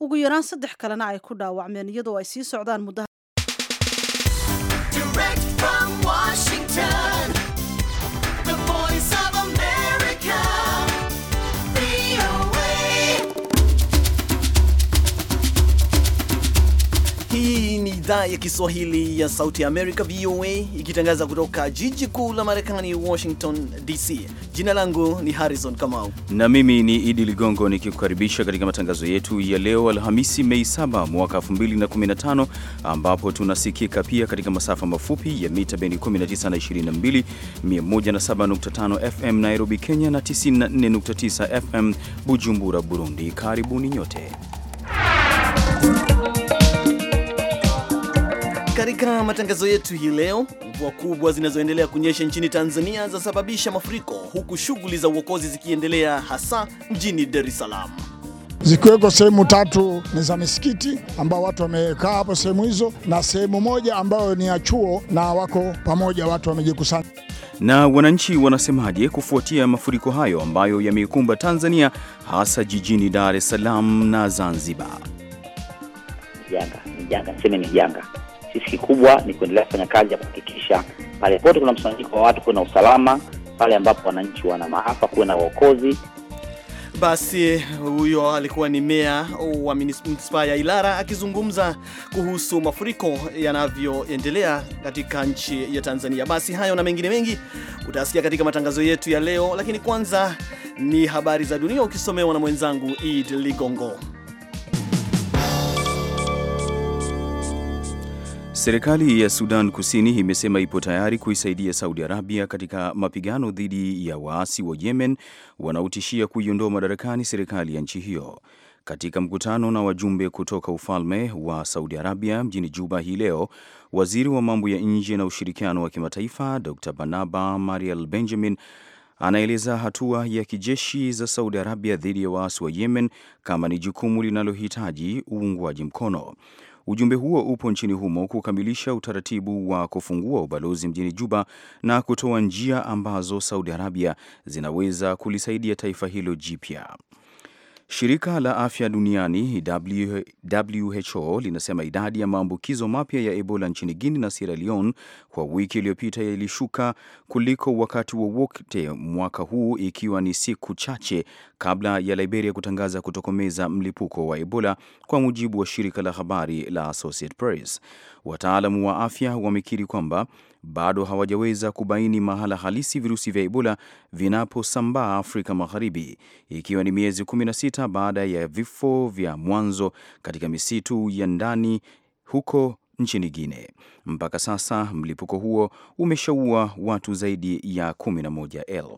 ugu yaraan saddex kalena ay ku dhaawacmeen iyadoo ay sii socdaan muddaha idhaa ya Kiswahili ya Sauti ya Amerika, VOA, ikitangaza kutoka jiji kuu la Marekani, Washington DC. Jina langu ni Harrison Kamau na mimi ni Idi Ligongo nikikukaribisha katika matangazo yetu ya leo Alhamisi, Mei 7 mwaka 2015, ambapo tunasikika pia katika masafa mafupi ya mita bendi 19 na 22, 107.5 FM Nairobi, Kenya na 94.9 FM Bujumbura, Burundi. Karibuni nyote katika matangazo yetu hii leo, mvua kubwa zinazoendelea kunyesha nchini Tanzania zasababisha mafuriko, huku shughuli za uokozi zikiendelea hasa mjini Dar es Salaam zikiwekwa sehemu tatu ni za misikiti ambao watu wamekaa hapo sehemu hizo, na sehemu moja ambayo ni ya chuo, na wako pamoja, watu wamejikusanya. Na wananchi wanasemaje kufuatia mafuriko hayo ambayo yameikumba Tanzania, hasa jijini Dar es Salaam na Zanzibar? Janga janga, seme ni janga sisi kikubwa ni kuendelea kufanya kazi ya kuhakikisha pale pote kuna msanyiko wa watu, kuwe na usalama pale ambapo wananchi wana maafa, kuwe na uokozi. Basi huyo alikuwa ni meya wa manispaa ya Ilara akizungumza kuhusu mafuriko yanavyoendelea katika nchi ya Tanzania. Basi hayo na mengine mengi utasikia katika matangazo yetu ya leo, lakini kwanza ni habari za dunia ukisomewa na mwenzangu Id Ligongo. Serikali ya Sudan Kusini imesema ipo tayari kuisaidia Saudi Arabia katika mapigano dhidi ya waasi wa Yemen wanaotishia kuiondoa madarakani serikali ya nchi hiyo. Katika mkutano na wajumbe kutoka ufalme wa Saudi Arabia mjini Juba hii leo, waziri wa mambo ya nje na ushirikiano wa kimataifa Dr Barnaba Marial Benjamin anaeleza hatua ya kijeshi za Saudi Arabia dhidi ya waasi wa Yemen kama ni jukumu linalohitaji uungwaji mkono. Ujumbe huo upo nchini humo kukamilisha utaratibu wa kufungua ubalozi mjini Juba na kutoa njia ambazo Saudi Arabia zinaweza kulisaidia taifa hilo jipya. Shirika la Afya Duniani WHO linasema idadi ya maambukizo mapya ya Ebola nchini Guinea na Sierra Leone kwa wiki iliyopita ilishuka kuliko wakati wowote wa mwaka huu, ikiwa ni siku chache kabla ya Liberia kutangaza kutokomeza mlipuko wa Ebola, kwa mujibu wa shirika la habari la Associated Press. Wataalamu wa afya wamekiri kwamba bado hawajaweza kubaini mahala halisi virusi vya Ebola vinaposambaa Afrika Magharibi, ikiwa ni miezi 16 baada ya vifo vya mwanzo katika misitu ya ndani huko nchini Guine. Mpaka sasa mlipuko huo umeshaua watu zaidi ya 11,000.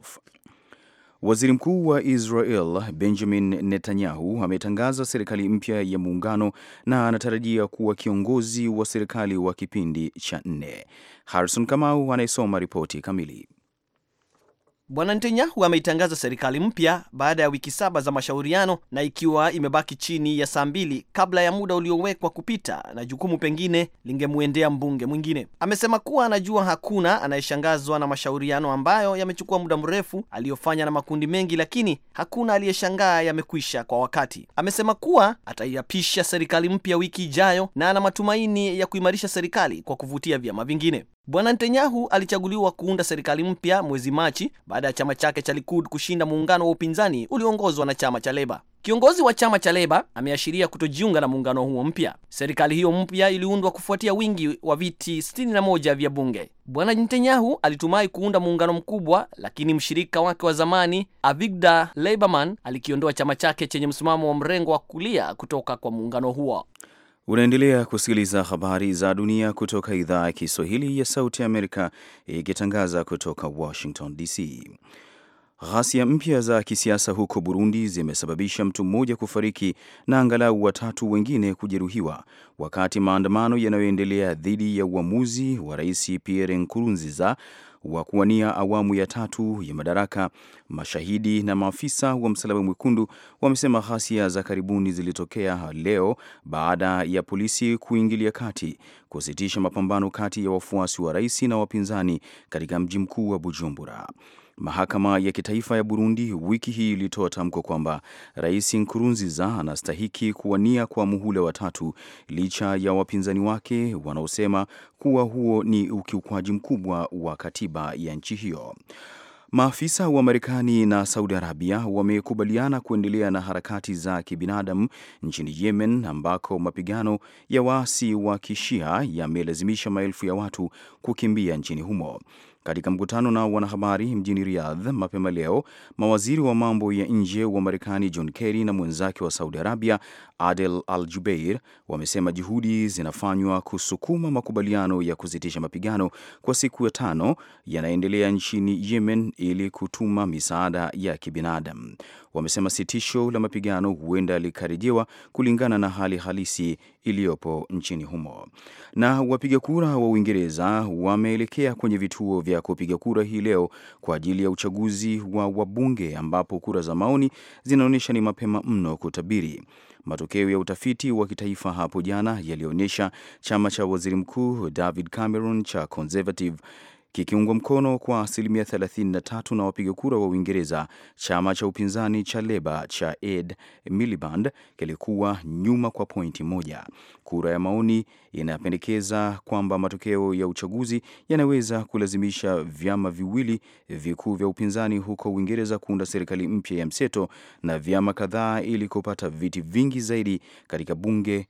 Waziri Mkuu wa Israel Benjamin Netanyahu ametangaza serikali mpya ya muungano na anatarajia kuwa kiongozi wa serikali wa kipindi cha nne. Harrison Kamau anayesoma ripoti kamili. Bwana Netanyahu ameitangaza serikali mpya baada ya wiki saba za mashauriano na ikiwa imebaki chini ya saa mbili kabla ya muda uliowekwa kupita na jukumu pengine lingemwendea mbunge mwingine. Amesema kuwa anajua hakuna anayeshangazwa na mashauriano ambayo yamechukua muda mrefu aliyofanya na makundi mengi, lakini hakuna aliyeshangaa yamekwisha kwa wakati. Amesema kuwa ataiapisha serikali mpya wiki ijayo na ana matumaini ya kuimarisha serikali kwa kuvutia vyama vingine. Bwana Netanyahu alichaguliwa kuunda serikali mpya mwezi Machi baada ya chama chake cha Likud kushinda muungano wa upinzani ulioongozwa na chama cha Leba. Kiongozi wa chama cha Leba ameashiria kutojiunga na muungano huo mpya. Serikali hiyo mpya iliundwa kufuatia wingi wa viti 61 vya bunge. Bwana Netanyahu alitumai kuunda muungano mkubwa, lakini mshirika wake wa zamani Avigdor Lieberman alikiondoa chama chake chenye msimamo wa mrengo wa kulia kutoka kwa muungano huo. Unaendelea kusikiliza habari za dunia kutoka idhaa ya Kiswahili ya Sauti ya Amerika ikitangaza kutoka Washington DC. Ghasia mpya za kisiasa huko Burundi zimesababisha mtu mmoja kufariki na angalau watatu wengine kujeruhiwa wakati maandamano yanayoendelea dhidi ya uamuzi wa Rais Pierre Nkurunziza wa kuwania awamu ya tatu ya madaraka. Mashahidi na maafisa wa Msalaba Mwekundu wamesema ghasia za karibuni zilitokea leo baada ya polisi kuingilia kati kusitisha mapambano kati ya wafuasi wa rais na wapinzani katika mji mkuu wa Bujumbura. Mahakama ya Kitaifa ya Burundi wiki hii ilitoa tamko kwamba Rais Nkurunziza anastahiki kuwania kwa muhula wa tatu licha ya wapinzani wake wanaosema kuwa huo ni ukiukwaji mkubwa wa katiba ya nchi hiyo. Maafisa wa Marekani na Saudi Arabia wamekubaliana kuendelea na harakati za kibinadamu nchini Yemen ambako mapigano ya waasi wa Kishia yamelazimisha maelfu ya watu kukimbia nchini humo. Katika mkutano na wanahabari mjini Riyadh mapema leo, mawaziri wa mambo ya nje wa Marekani John Kerry na mwenzake wa Saudi Arabia Adel Al Jubeir wamesema juhudi zinafanywa kusukuma makubaliano ya kusitisha mapigano kwa siku ya tano yanaendelea nchini Yemen ili kutuma misaada ya kibinadamu. Wamesema sitisho la mapigano huenda likarejewa kulingana na hali halisi iliyopo nchini humo. Na wapiga kura wa Uingereza wameelekea kwenye vituo vya kupiga kura hii leo kwa ajili ya uchaguzi wa wabunge ambapo kura za maoni zinaonyesha ni mapema mno kutabiri. Matokeo ya utafiti wa kitaifa hapo jana yalionyesha chama cha waziri mkuu David Cameron cha Conservative kikiungwa mkono kwa asilimia 33 na wapiga kura wa Uingereza. Chama cha upinzani cha Leba cha Ed Miliband kilikuwa nyuma kwa pointi moja. Kura ya maoni inapendekeza kwamba matokeo ya uchaguzi yanaweza kulazimisha vyama viwili vikuu vya upinzani huko Uingereza kuunda serikali mpya ya mseto na vyama kadhaa ili kupata viti vingi zaidi katika bunge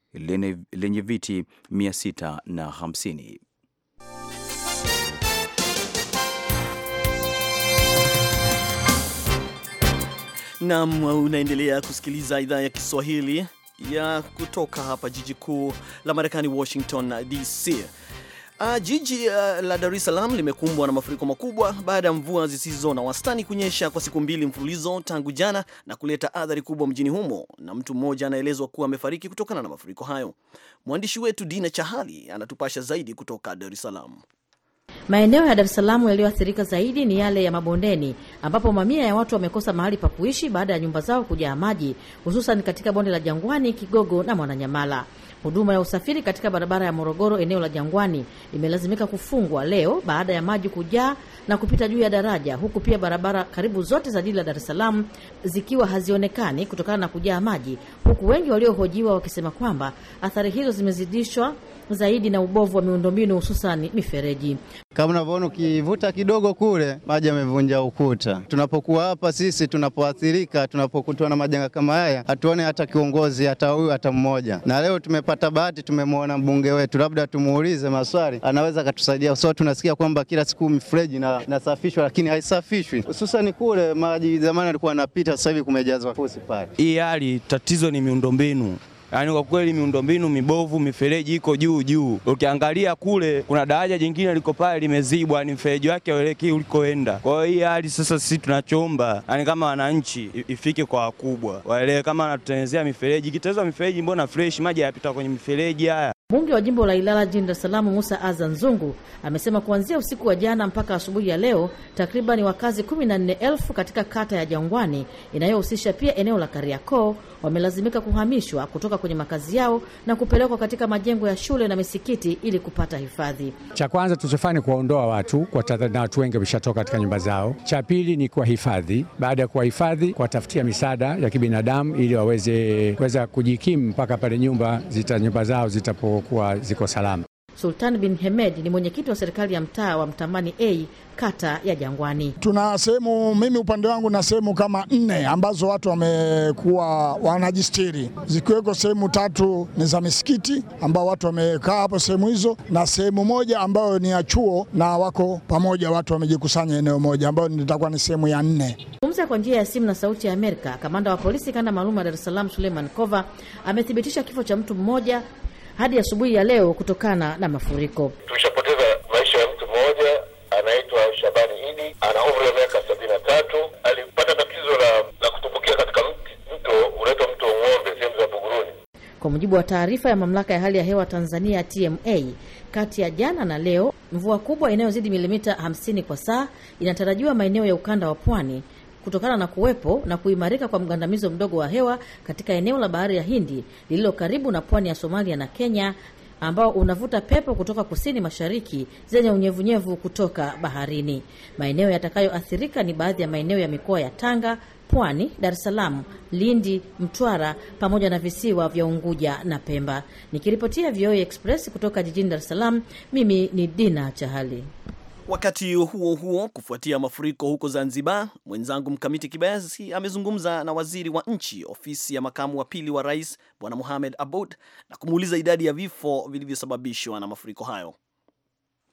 lenye viti 650. nam unaendelea kusikiliza idhaa ya Kiswahili ya kutoka hapa jiji kuu la Marekani, Washington DC. Uh, ah, jiji uh, la Dar es Salaam limekumbwa na mafuriko makubwa baada ya mvua zisizo na wastani kunyesha kwa siku mbili mfululizo tangu jana na kuleta athari kubwa mjini humo, na mtu mmoja anaelezwa kuwa amefariki kutokana na mafuriko hayo. Mwandishi wetu Dina Chahali anatupasha zaidi kutoka Dar es Salaam. Maeneo ya Dar es Salaam yaliyoathirika zaidi ni yale ya mabondeni, ambapo mamia ya watu wamekosa mahali pa kuishi baada ya nyumba zao kujaa maji, hususan katika bonde la Jangwani, Kigogo na Mwananyamala. Huduma ya usafiri katika barabara ya Morogoro eneo la Jangwani imelazimika kufungwa leo baada ya maji kujaa na kupita juu ya daraja, huku pia barabara karibu zote za jiji la dares es Salaam zikiwa hazionekani kutokana na kujaa maji, huku wengi waliohojiwa wakisema kwamba athari hizo zimezidishwa zaidi na ubovu wa miundombinu hususani mifereji. Kama unavyoona ukivuta kidogo kule, maji yamevunja ukuta. Tunapokuwa hapa sisi, tunapoathirika, tunapokutwa na majanga kama haya, hatuone hata kiongozi hata huyu hata mmoja, na leo tume tumepata bahati, tumemwona mbunge wetu, labda tumuulize maswali, anaweza akatusaidia. So tunasikia kwamba kila siku mifereji na nasafishwa, lakini haisafishwi, hususani kule maji zamani alikuwa anapita, sasa hivi kumejazwa fusi pale. Hii hali tatizo ni miundombinu. Yaani kwa kweli miundombinu mibovu, mifereji iko juu juu. Ukiangalia kule kuna daraja jingine liko pale limezibwa, ni mfereji wake aeleke ulikoenda. Kwa hiyo hii hali sasa sisi tunachoomba, yaani kama wananchi ifike kwa wakubwa waelewe, kama anatutengenezea mifereji, ikitengenezwa mifereji mbona fresh maji yapita kwenye mifereji haya. Mbunge wa jimbo la Ilala jijini Dar es Salaam, Musa Azan Zungu, amesema kuanzia usiku wa jana mpaka asubuhi ya leo takribani wakazi 14 katika kata ya Jangwani inayohusisha pia eneo la Kariakoo wamelazimika kuhamishwa kutoka kwenye makazi yao na kupelekwa katika majengo ya shule na misikiti ili kupata hifadhi. Cha kwanza tulichofanya ni kuwaondoa watu na watu wengi wameshatoka katika nyumba zao. Cha pili ni kuwahifadhi, baada ya kuwahifadhi kuwatafutia misaada ya kibinadamu ili waweze kuweza kujikimu mpaka pale nyumba zita nyumba zao zitapo zitakapokuwa ziko salama. Sultan bin Hemed ni mwenyekiti wa serikali ya mtaa wa Mtamani A kata ya Jangwani. Tuna sehemu, mimi upande wangu na sehemu kama nne ambazo watu wamekuwa wanajistiri, zikiweko sehemu tatu ni za misikiti ambao watu wamekaa hapo sehemu hizo, na sehemu moja ambayo ni ya chuo na wako pamoja, watu wamejikusanya eneo moja, ambayo nitakuwa ni sehemu ya nne. Zungumza kwa njia ya simu na Sauti ya Amerika, kamanda wa polisi kanda maalum wa daressalam es Suleiman Kova amethibitisha kifo cha mtu mmoja hadi asubuhi ya, ya leo kutokana na mafuriko. Tumeshapoteza maisha ya mtu mmoja anaitwa Shabani Idi, ana umri wa miaka sabini na tatu. Alipata tatizo la, la kutumbukia katika mto unaitwa mto Ng'ombe sehemu za Buguruni. Kwa mujibu wa taarifa ya mamlaka ya hali ya hewa Tanzania TMA, kati ya jana na leo mvua kubwa inayozidi milimita 50 kwa saa inatarajiwa maeneo ya ukanda wa pwani kutokana na kuwepo na kuimarika kwa mgandamizo mdogo wa hewa katika eneo la bahari ya Hindi lililo karibu na pwani ya Somalia na Kenya ambao unavuta pepo kutoka kusini mashariki zenye unyevunyevu kutoka baharini. Maeneo yatakayoathirika ni baadhi ya maeneo ya mikoa ya Tanga, Pwani, Dar es Salaam, Lindi, Mtwara pamoja na visiwa vya Unguja na Pemba. Nikiripotia VOA Express kutoka jijini Dar es Salaam, mimi ni Dina Chahali. Wakati huo huo, kufuatia mafuriko huko Zanzibar, mwenzangu Mkamiti Kibayasi amezungumza na waziri wa nchi ofisi ya makamu wa pili wa rais Bwana Mohamed abud na kumuuliza idadi ya vifo vilivyosababishwa na mafuriko hayo.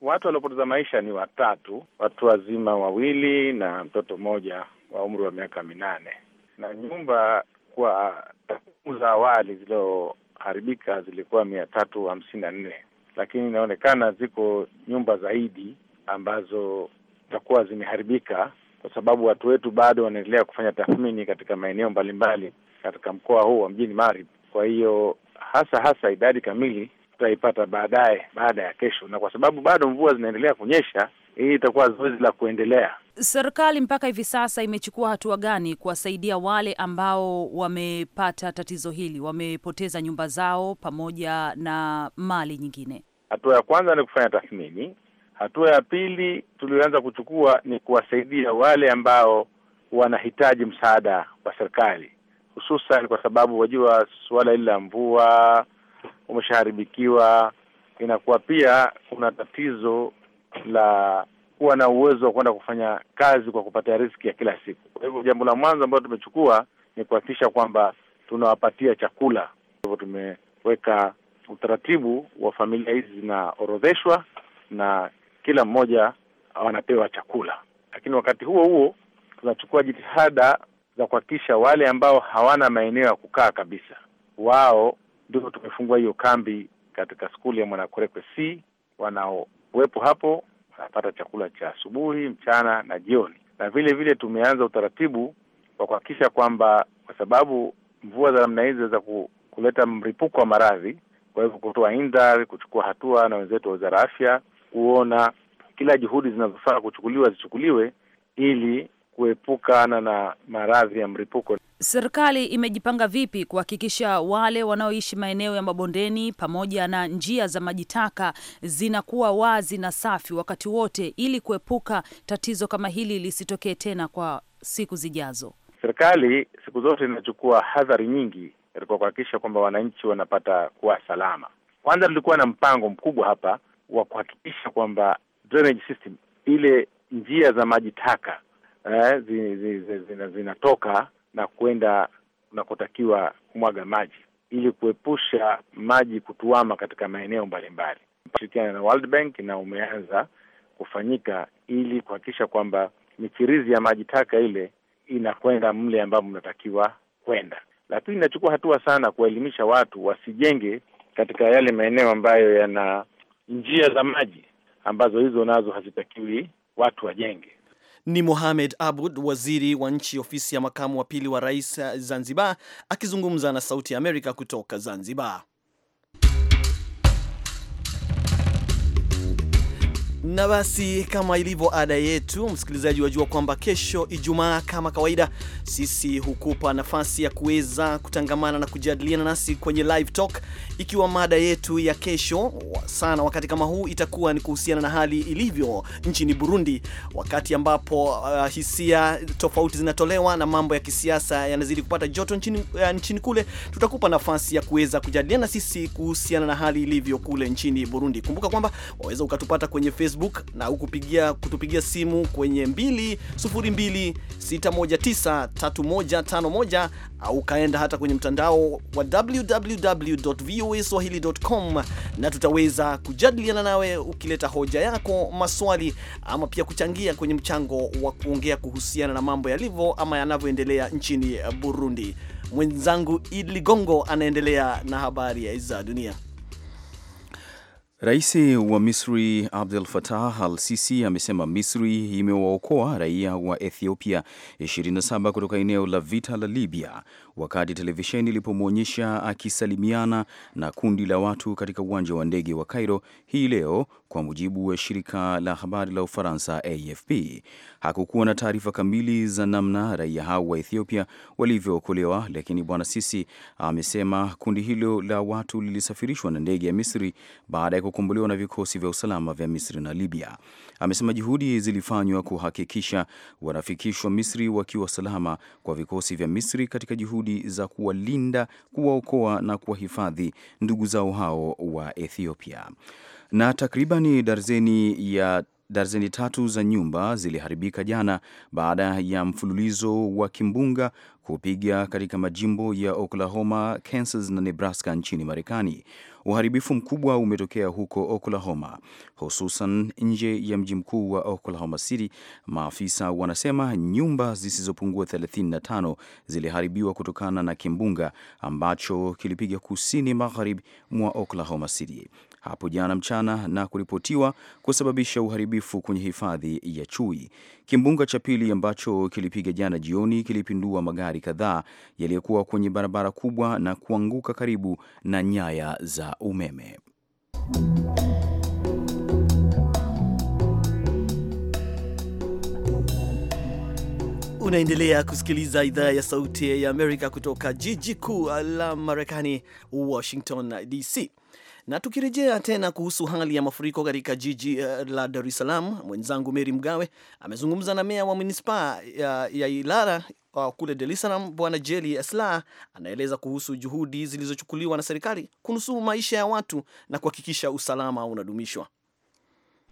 Watu waliopoteza maisha ni watatu, watu wazima wawili na mtoto mmoja wa umri wa miaka minane, na nyumba kwa takwimu za awali zilizoharibika zilikuwa mia tatu hamsini na nne, lakini inaonekana ziko nyumba zaidi ambazo zitakuwa zimeharibika, kwa sababu watu wetu bado wanaendelea kufanya tathmini katika maeneo mbalimbali katika mkoa huu wa mjini Magharibi. Kwa hiyo hasa hasa idadi kamili tutaipata baadaye, baada ya kesho, na kwa sababu bado mvua zinaendelea kunyesha, hii itakuwa zoezi la kuendelea. Serikali mpaka hivi sasa imechukua hatua gani kuwasaidia wale ambao wamepata tatizo hili, wamepoteza nyumba zao pamoja na mali nyingine? Hatua ya kwanza ni kufanya tathmini Hatua ya pili tuliyoanza kuchukua ni kuwasaidia wale ambao wanahitaji msaada wa serikali, hususan kwa sababu wajua, suala hili la mvua umeshaharibikiwa, inakuwa pia kuna tatizo la kuwa na uwezo wa kwenda kufanya kazi kwa kupata riziki ya kila siku. Kwa hivyo jambo la mwanzo ambalo tumechukua ni kuhakikisha kwamba tunawapatia chakula. Hivyo tumeweka utaratibu wa familia hizi zinaorodheshwa na kila mmoja wanapewa chakula, lakini wakati huo huo tunachukua jitihada za kuhakikisha wale ambao hawana maeneo ya kukaa kabisa, wao ndio tumefungua hiyo kambi katika skuli ya Mwanakwerekwe C. Wanaowepo hapo wanapata chakula cha asubuhi, mchana na jioni, na vile vile tumeanza utaratibu wa kuhakikisha kwamba, kwa sababu mvua za namna hizi za kuleta mripuko wa maradhi, kwa hivyo kutoa indhari, kuchukua hatua na wenzetu wa wizara ya afya kuona kila juhudi zinazofaa kuchukuliwa zichukuliwe ili kuepukana na maradhi ya mripuko Serikali imejipanga vipi kuhakikisha wale wanaoishi maeneo ya mabondeni pamoja na njia za maji taka zinakuwa wazi na safi wakati wote ili kuepuka tatizo kama hili lisitokee tena kwa siku zijazo? Serikali siku zote inachukua hadhari nyingi katika kuhakikisha kwamba wananchi wanapata kuwa salama. Kwanza tulikuwa na mpango mkubwa hapa wa kuhakikisha kwamba drainage system ile njia za maji taka eh, zinatoka zina, zina na kwenda unakotakiwa kumwaga maji ili kuepusha maji kutuama katika maeneo mbalimbali. Ushirikiana na World Bank na umeanza kufanyika ili kuhakikisha kwamba michirizi ya maji taka ile inakwenda mle ambapo mnatakiwa kwenda. Lakini inachukua hatua sana kuwaelimisha watu wasijenge katika yale maeneo ambayo yana njia za maji ambazo hizo nazo hazitakiwi watu wajenge. Ni Mohamed Abud, waziri wa nchi ofisi ya makamu wa pili wa rais eh, Zanzibar, akizungumza na Sauti ya Amerika kutoka Zanzibar. Na basi kama ilivyo ada yetu, msikilizaji, wajua kwamba kesho Ijumaa, kama kawaida, sisi hukupa nafasi ya kuweza kutangamana na kujadiliana nasi kwenye live talk, ikiwa mada yetu ya kesho sana wakati kama huu itakuwa ni kuhusiana na hali ilivyo nchini Burundi, wakati ambapo uh, hisia tofauti zinatolewa na mambo ya kisiasa yanazidi kupata joto nchini, uh, nchini kule. Tutakupa nafasi ya kuweza kujadiliana sisi kuhusiana na hali ilivyo kule nchini Burundi. Kumbuka kwamba waweza ukatupata kwenye Facebook Facebook na ukupigia kutupigia simu kwenye 2026193151 au ukaenda hata kwenye mtandao wa www.voaswahili.com na tutaweza kujadiliana nawe ukileta hoja yako, maswali ama pia kuchangia kwenye mchango wa kuongea kuhusiana na mambo yalivyo ama yanavyoendelea nchini Burundi. Mwenzangu Id Ligongo anaendelea na habari za dunia. Rais wa Misri Abdel Fattah al-Sisi amesema Misri imewaokoa raia wa Ethiopia 27 kutoka eneo la vita la Libya wakati televisheni ilipomwonyesha akisalimiana na kundi la watu katika uwanja wa ndege wa Cairo hii leo, kwa mujibu wa shirika la habari la Ufaransa AFP. Hakukuwa na taarifa kamili za namna raia hao wa Ethiopia walivyookolewa, lakini Bwana Sisi amesema kundi hilo la watu lilisafirishwa na ndege ya Misri baada ya kukombolewa na vikosi vya usalama vya Misri na Libya. Amesema juhudi zilifanywa kuhakikisha wanafikishwa Misri wakiwa salama kwa vikosi vya Misri katika juhudi juhudi za kuwalinda, kuwaokoa na kuwahifadhi ndugu zao hao wa Ethiopia na takribani darzeni ya darzeni tatu za nyumba ziliharibika jana baada ya mfululizo wa kimbunga kupiga katika majimbo ya Oklahoma, Kansas na Nebraska nchini Marekani. Uharibifu mkubwa umetokea huko Oklahoma, hususan nje ya mji mkuu wa Oklahoma City. Maafisa wanasema nyumba zisizopungua 35 ziliharibiwa kutokana na kimbunga ambacho kilipiga kusini magharibi mwa Oklahoma City hapo jana mchana na kuripotiwa kusababisha uharibifu kwenye hifadhi ya Chui. Kimbunga cha pili ambacho kilipiga jana jioni kilipindua magari kadhaa yaliyokuwa kwenye barabara kubwa na kuanguka karibu na nyaya za umeme. Unaendelea kusikiliza idhaa ya Sauti ya Amerika kutoka jiji kuu la Marekani, Washington DC. Na tukirejea tena kuhusu hali ya mafuriko katika jiji eh, la Dar es Salaam, mwenzangu Meri Mgawe amezungumza na meya wa manispaa ya, ya Ilala kule Dar es Salaam, Bwana Jeli Asla anaeleza kuhusu juhudi zilizochukuliwa na serikali kunusuru maisha ya watu na kuhakikisha usalama unadumishwa.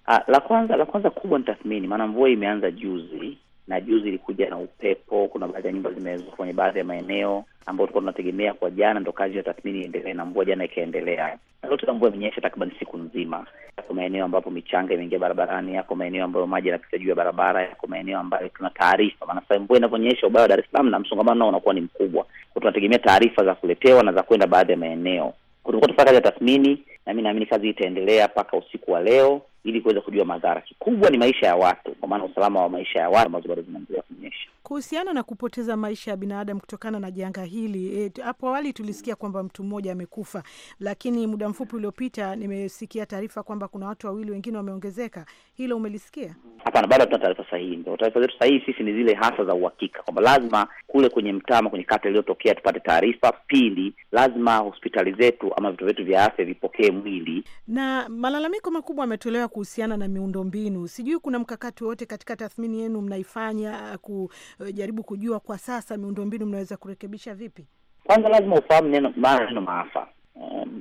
Ah, la kwanza la kwanza kubwa ni tathmini, maana mvua imeanza juzi na juzi ilikuja na upepo. Kuna baadhi ya nyumba zimeweza kwenye baadhi ya maeneo ambayo tulikuwa tunategemea kwa jana, ndo kazi ya tathmini iendelee, na mvua jana ikaendelea, na zote mvua imenyesha takriban siku nzima. Yako maeneo ambapo michanga imeingia barabarani, yako maeneo ambayo maji yanapita juu ya barabara, yako maeneo ambayo tuna taarifa, maana sasa mvua inavyonyesha, ubaya wa Dar es Salaam na msongamano nao unakuwa ni mkubwa, tunategemea taarifa za kuletewa na za kwenda baadhi ya maeneo kulikuwa tunafanya kazi ya tathmini, na mimi naamini kazi itaendelea mpaka usiku wa leo ili kuweza kujua madhara. Kikubwa ni maisha ya watu, kwa maana usalama wa maisha ya watu ambazo bado zinaendelea kunyesha kuhusiana na kupoteza maisha ya binadamu kutokana na janga hili. E, hapo e, awali tulisikia kwamba mtu mmoja amekufa, lakini muda mfupi uliopita nimesikia taarifa kwamba kuna watu wawili wengine wameongezeka. Hilo umelisikia? Hapana, bado hatuna taarifa sahihi. Ndio taarifa zetu sahihi sisi ni zile hasa za uhakika, kwamba lazima kule kwenye mtama, kwenye kata iliyotokea tupate taarifa. Pili, lazima hospitali zetu ama vituo vyetu vya afya vipokee mwili. Na malalamiko makubwa ametolewa kuhusiana na miundo mbinu Sijui kuna mkakati wowote katika tathmini yenu mnaifanya uh, kujaribu kujua kwa sasa miundo mbinu mnaweza kurekebisha vipi? Kwanza lazima ufahamu neno maana neno maafa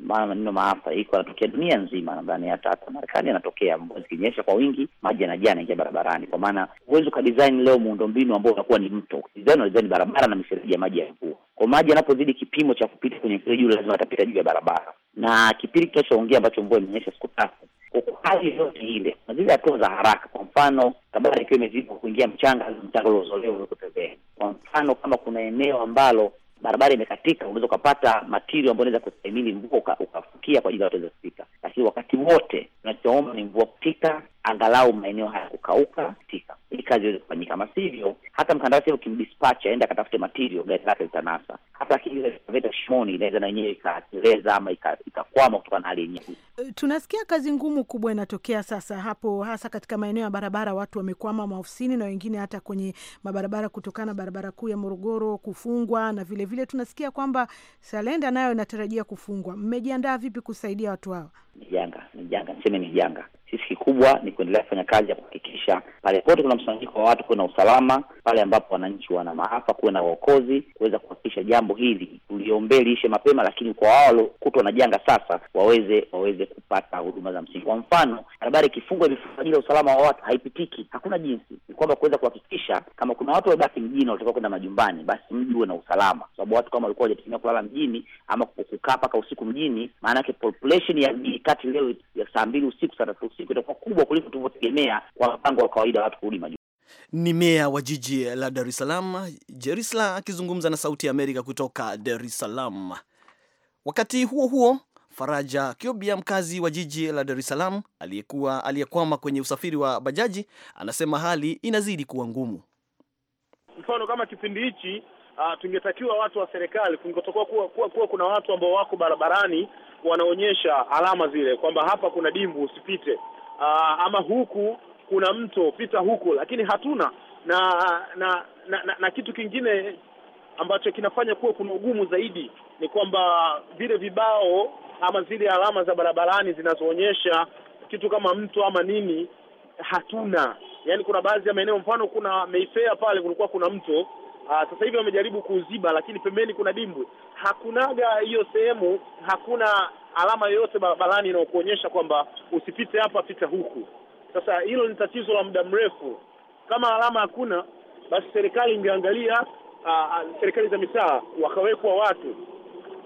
maneno um, maafa iko anatokea dunia nzima. Nadhani hata hapa Marekani yanatokea, mvua zikinyesha kwa wingi, maji yanajaa anaingia barabarani. Kwa maana huwezi ukadesign leo muundo-mbinu ambao unakuwa ni mto, design barabara na mifereji ya maji ya mvua. Kwa maji yanapozidi kipimo cha kupita kwenye mfereji ule, lazima atapita juu ya barabara, na kipindi kinachoongea ambacho mvua imenyesha siku tatu hali yote ile na zile hatua za haraka. Kwa mfano, barabara ikiwa imezidi kuingia mchanga, mchanga uliozolewa uko pembeni. Kwa mfano, kama kuna eneo ambalo barabara imekatika, unaweza ukapata matirio ambayo unaweza kustahimili mvua ukafukia kwa ajili ya watu kufika. Lakini wakati wote tunachoomba ni mvua kutika, angalau maeneo haya kukauka kutika kazi iweze kufanyika, ama sivyo hata mkandarasi ukimdispatch aenda akatafute material, gari lake litanasa. Hata kileta shimoni, inaweza na yenyewe ikateleza ama ikakwama kutokana na hali yenyewe. Eh, tunasikia kazi ngumu kubwa inatokea sasa hapo, hasa katika maeneo ya barabara. Watu wamekwama maofisini na wengine hata kwenye mabarabara, kutokana na barabara kuu ya Morogoro kufungwa, na vilevile vile tunasikia kwamba Salenda nayo inatarajia kufungwa. Mmejiandaa vipi kusaidia watu hawa? Ni janga, ni janga, niseme ni janga sisi kikubwa ni kuendelea kufanya kazi ya kuhakikisha pale pote kuna msanyiko wa watu, kuwe na usalama pale ambapo wananchi wana maafa, kuwe na uokozi, kuweza kuhakikisha jambo hili tuliombee liishe mapema, lakini kwa wao waliokutwa na janga sasa waweze waweze kupata huduma za msingi. Kwa mfano, barabara ikifungwa ajili ya usalama wa watu haipitiki, hakuna jinsi, ni kwamba kuweza kuhakikisha kama kuna watu wabaki mjini walitakiwa kwenda majumbani, basi mji uwe na usalama, kwa sababu watu kama walikuwa hawajategemea kulala mjini ama kukaa mpaka usiku mjini, maanake population ya mjini kati leo ya saa mbili usiku saa tatu usiku siku itakuwa kubwa kuliko tulivyotegemea kwa mpango wa kawaida watu kurudi majumbani. Ni meya wa jiji la Dar es Salaam Jerisla akizungumza na Sauti ya Amerika kutoka Dar es Salaam. Wakati huo huo, Faraja Kiobia, mkazi wa jiji la Dar es Salaam aliyekuwa aliyekwama kwenye usafiri wa bajaji, anasema hali inazidi kuwa ngumu. Mfano kama kipindi hichi uh, tungetakiwa watu wa serikali kungetakiwa kuwa, kuwa, kuwa kuna watu ambao wako barabarani wanaonyesha alama zile kwamba hapa kuna dimbu usipite uh, ama huku kuna mto pita huku, lakini hatuna na na, na, na, na kitu kingine ambacho kinafanya kuwa kuna ugumu zaidi ni kwamba vile vibao ama zile alama za barabarani zinazoonyesha kitu kama mto ama nini hatuna. Yaani kuna baadhi ya maeneo, mfano kuna meifea pale kulikuwa kuna mto Aa, ah, sasa hivi wamejaribu kuuziba, lakini pembeni kuna dimbwi. Hakunaga hiyo sehemu, hakuna alama yoyote barabarani inayokuonyesha kwamba usipite hapa, pita huku. Sasa hilo ni tatizo la muda mrefu. Kama alama hakuna, basi serikali ingeangalia, serikali za mitaa wakawekwa watu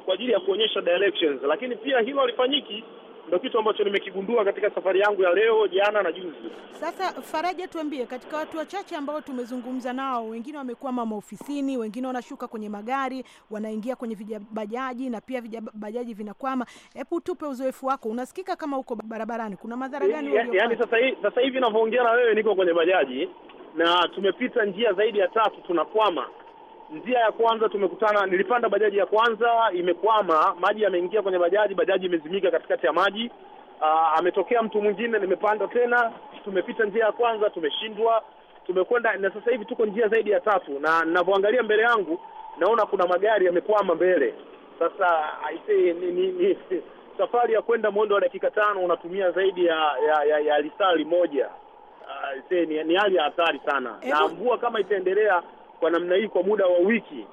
kwa ajili ya kuonyesha directions, lakini pia hilo halifanyiki ndio kitu ambacho nimekigundua katika safari yangu ya leo, jana na juzi. Sasa Faraja, tuambie, katika watu wachache ambao tumezungumza nao, wengine wamekwama maofisini, wengine wanashuka kwenye magari, wanaingia kwenye vijabajaji na pia vijabajaji vinakwama. Hebu tupe uzoefu wako, unasikika kama uko barabarani, kuna madhara gani? Yaani, yaani sasa hivi sasa hivi ninavyoongea na wewe niko kwenye bajaji na tumepita njia zaidi ya tatu tunakwama Njia ya kwanza tumekutana, nilipanda bajaji ya kwanza imekwama, maji yameingia kwenye bajaji, bajaji imezimika katikati ya maji. Uh, ametokea mtu mwingine, nimepanda tena, tumepita njia ya kwanza, tumeshindwa, tumekwenda na sasa hivi tuko njia zaidi ya tatu, na ninavyoangalia mbele yangu naona kuna magari yamekwama mbele. Sasa I say, ni, ni, ni safari ya kwenda mwendo wa dakika tano unatumia zaidi ya ya, ya, ya lisali moja. Uh, I say, ni, ni hali ya hatari sana na mvua kama itaendelea kwa namna hii kwa muda wa wiki,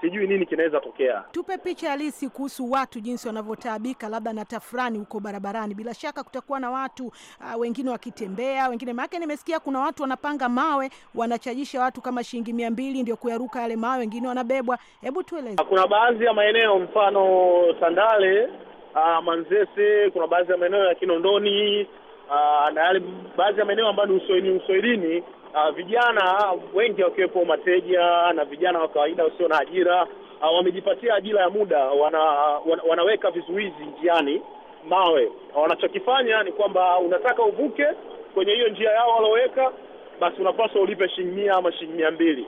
sijui nini kinaweza tokea. Tupe picha halisi kuhusu watu jinsi wanavyotaabika, labda na tafrani huko barabarani. Bila shaka kutakuwa na watu uh, wengine wakitembea, wengine maake, nimesikia kuna watu wanapanga mawe, wanachajisha watu kama shilingi mia mbili ndio kuyaruka yale mawe, wengine wanabebwa. Hebu tueleze. Ah, kuna baadhi ya maeneo mfano sandale uh, Manzese, kuna baadhi ya maeneo ya Kinondoni, uh, na yale baadhi ya maeneo ambayo ni uswahilini uh, vijana wengi wakiwepo mateja na vijana wa kawaida wasio na ajira uh, wamejipatia ajira ya muda, wana, wana, wanaweka vizuizi njiani, mawe. Wanachokifanya ni kwamba unataka uvuke kwenye hiyo njia yao walioweka basi unapaswa ulipe shilingi mia ama shilingi mia mbili.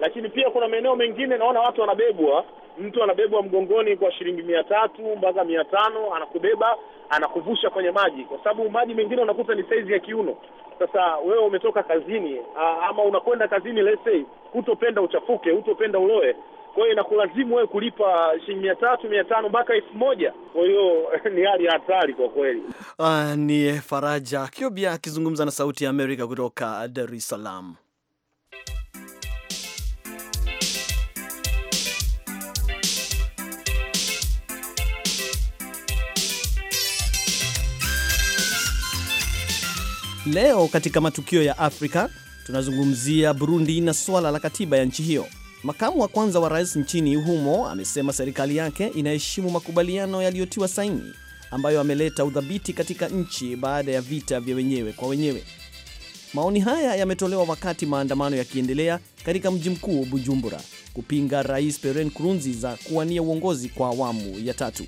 Lakini pia kuna maeneo mengine naona watu wanabebwa, mtu anabebwa mgongoni kwa shilingi mia tatu mpaka mia tano anakubeba anakuvusha kwenye maji, kwa sababu maji mengine unakuta ni saizi ya kiuno. Sasa wewe umetoka kazini ama unakwenda kazini, let's say hutopenda uchafuke, hutopenda uloe kwa hiyo inakulazimu wewe kulipa shilingi mia tatu mia tano mpaka elfu moja Kwa hiyo ni hali ya hatari kwa kweli. Ah, ni Faraja Kiobia akizungumza na Sauti ya Amerika kutoka Dar es Salaam. Leo katika matukio ya Afrika tunazungumzia Burundi na swala la katiba ya nchi hiyo. Makamu wa kwanza wa rais nchini humo amesema serikali yake inaheshimu makubaliano yaliyotiwa saini ambayo ameleta udhabiti katika nchi baada ya vita vya wenyewe kwa wenyewe. Maoni haya yametolewa wakati maandamano yakiendelea katika mji mkuu Bujumbura kupinga Rais Pierre Nkurunziza kuwania uongozi kwa awamu ya tatu.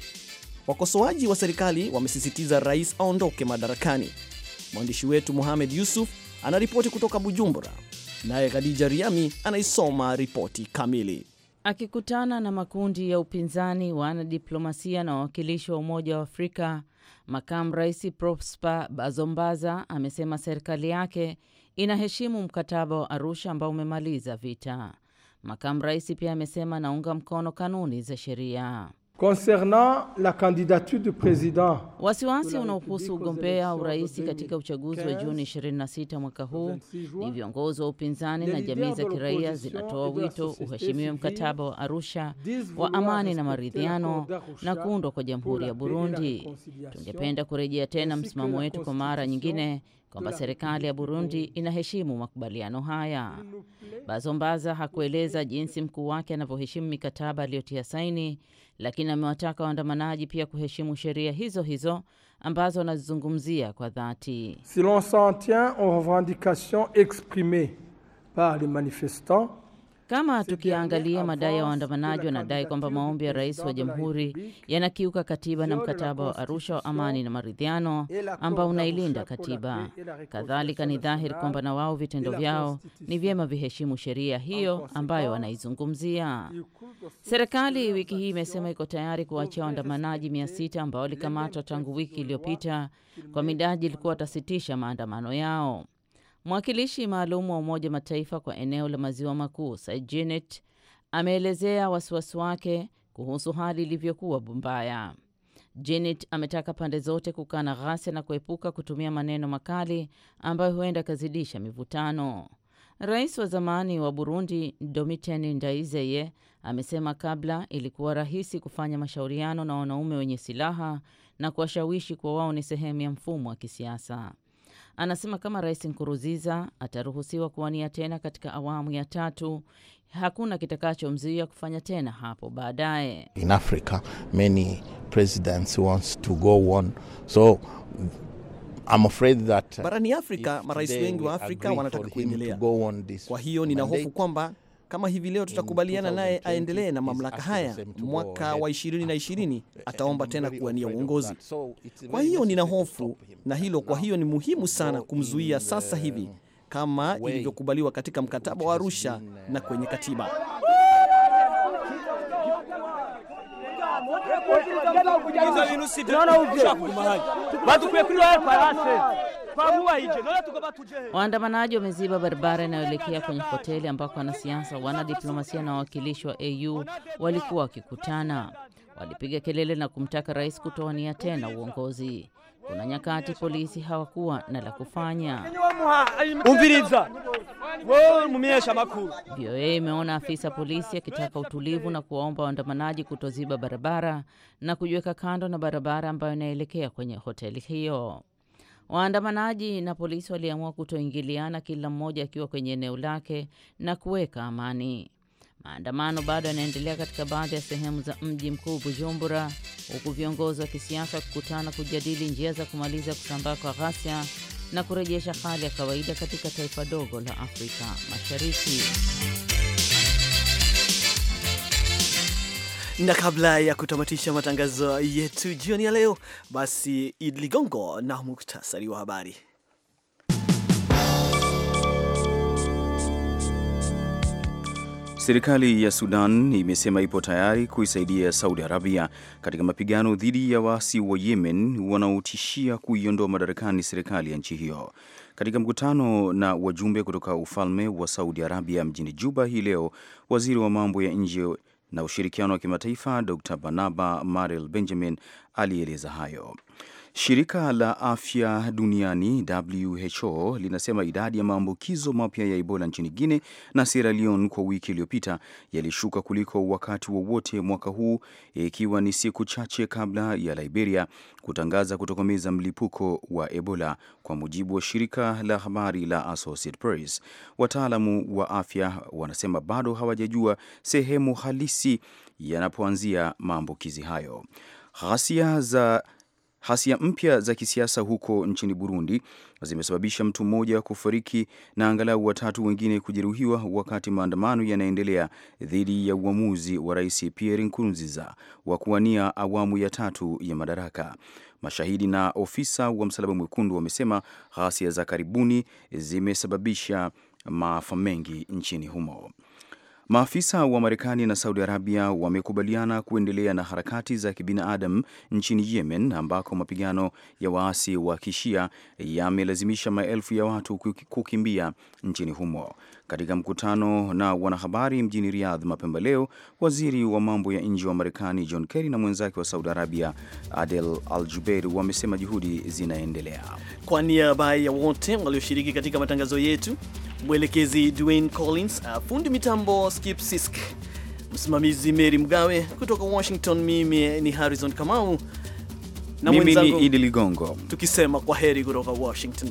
Wakosoaji wa serikali wamesisitiza rais aondoke madarakani Mwandishi wetu Mohamed Yusuf anaripoti kutoka Bujumbura, naye Khadija Riami anaisoma ripoti kamili. Akikutana na makundi ya upinzani, wanadiplomasia na wawakilishi wa Umoja wa Afrika, makamu rais Prosper Bazombaza amesema serikali yake inaheshimu mkataba wa Arusha ambao umemaliza vita. Makamu rais pia amesema anaunga mkono kanuni za sheria. Concernant la candidature du wasiwasi unaohusu ugombea urais katika uchaguzi wa Juni 26 mwaka huu ni viongozi wa upinzani na jamii za kiraia zinatoa wito uheshimiwe mkataba wa Arusha wa amani na maridhiano na kuundwa kwa jamhuri ya Burundi. Tungependa kurejea tena msimamo wetu kwa mara nyingine kwamba serikali ya Burundi inaheshimu makubaliano haya. Bazombaza hakueleza jinsi mkuu wake anavyoheshimu mikataba aliyotia saini lakini amewataka waandamanaji pia kuheshimu sheria hizo hizo ambazo wanazizungumzia kwa dhati. Si l'on s'en tient aux revendications exprimees par les manifestants kama tukiangalia madai ya waandamanaji, wanadai kwamba maombi ya rais wa jamhuri yanakiuka katiba na mkataba wa Arusha wa amani na maridhiano ambao unailinda katiba. Kadhalika ni dhahiri kwamba na wao vitendo vyao ni vyema viheshimu sheria hiyo ambayo wanaizungumzia. Serikali wiki hii imesema iko tayari kuwaachia waandamanaji mia sita ambao walikamatwa tangu wiki iliyopita kwa midaji ilikuwa watasitisha maandamano yao. Mwakilishi maalum wa Umoja Mataifa kwa eneo la maziwa makuu Sajinet ameelezea wasiwasi wake kuhusu hali ilivyokuwa Bumbaya. Janet ametaka pande zote kukana ghasia na kuepuka kutumia maneno makali ambayo huenda akazidisha mivutano. Rais wa zamani wa Burundi Domitien Ndayizeye amesema kabla ilikuwa rahisi kufanya mashauriano na wanaume wenye silaha na kuwashawishi kuwa wao ni sehemu ya mfumo wa kisiasa. Anasema kama Rais Nkuruziza ataruhusiwa kuwania tena katika awamu ya tatu, hakuna kitakachomzuia kufanya tena hapo baadaye. In Africa many presidents wants to go on so I'm afraid that barani Afrika marais wengi wa Afrika wanataka kuendelea. Kwa hiyo nina hofu kwamba kama hivi leo tutakubaliana naye aendelee na mamlaka haya, mwaka wa ishirini na ishirini ataomba tena kuwania uongozi. Kwa hiyo nina hofu na hilo. Kwa hiyo ni muhimu sana kumzuia sasa hivi kama ilivyokubaliwa katika mkataba wa Arusha na kwenye katiba. Batukwiye kuri Royal Palace. Waandamanaji wameziba barabara inayoelekea kwenye hoteli ambako wanasiasa, wanadiplomasia na wawakilishi wa AU walikuwa wakikutana. Walipiga kelele na kumtaka rais kutoa nia tena uongozi. Kuna nyakati polisi hawakuwa na la kufanya. umviriza VOA imeona afisa polisi akitaka utulivu na kuwaomba waandamanaji kutoziba barabara na kujiweka kando na barabara ambayo inaelekea kwenye hoteli hiyo. Waandamanaji na polisi waliamua kutoingiliana, kila mmoja akiwa kwenye eneo lake na kuweka amani. Maandamano bado yanaendelea katika baadhi ya sehemu za mji mkuu Bujumbura, huku viongozi wa kisiasa wakikutana kujadili njia za kumaliza kusambaa kwa ghasia na kurejesha hali ya kawaida katika taifa dogo la Afrika Mashariki. Na kabla ya kutamatisha matangazo yetu jioni ya leo, basi id Ligongo na muktasari wa habari. Serikali ya Sudan imesema ipo tayari kuisaidia Saudi Arabia katika mapigano dhidi ya waasi wa Yemen wanaotishia kuiondoa madarakani serikali ya nchi hiyo. Katika mkutano na wajumbe kutoka ufalme wa Saudi Arabia mjini Juba hii leo, waziri wa mambo ya nje na ushirikiano wa kimataifa Dr Barnaba Marel Benjamin alieleza hayo. Shirika la afya duniani WHO linasema idadi ya maambukizo mapya ya Ebola nchini guine na Sierra Leone kwa wiki iliyopita yalishuka kuliko wakati wowote wa mwaka huu, ikiwa ni siku chache kabla ya Liberia kutangaza kutokomeza mlipuko wa Ebola, kwa mujibu wa shirika la habari la Associated Press. Wataalamu wa afya wanasema bado hawajajua sehemu halisi yanapoanzia maambukizi hayo. Ghasia za Hasia mpya za kisiasa huko nchini Burundi zimesababisha mtu mmoja kufariki na angalau watatu wengine kujeruhiwa wakati maandamano yanaendelea dhidi ya uamuzi wa Rais Pierre Nkurunziza wa kuwania awamu ya tatu ya madaraka. Mashahidi na ofisa wa Msalaba Mwekundu wamesema ghasia za karibuni zimesababisha maafa mengi nchini humo. Maafisa wa Marekani na Saudi Arabia wamekubaliana kuendelea na harakati za kibinadamu nchini Yemen ambako mapigano ya waasi wa Kishia yamelazimisha maelfu ya watu kukimbia nchini humo. Katika mkutano na wanahabari mjini Riyadh mapema leo, waziri wa mambo ya nje wa Marekani John Kerry na mwenzake wa Saudi Arabia Adel Al Jubeir wamesema juhudi zinaendelea. Kwa niaba ya wote walioshiriki katika matangazo yetu mwelekezi Dwayne Collins, uh, fundi mitambo Skip Sisk, msimamizi Mary Mgawe. Kutoka Washington, mimi ni Harrison Kamau na mimi ni Idi Ligongo, tukisema kwa heri kutoka Washington.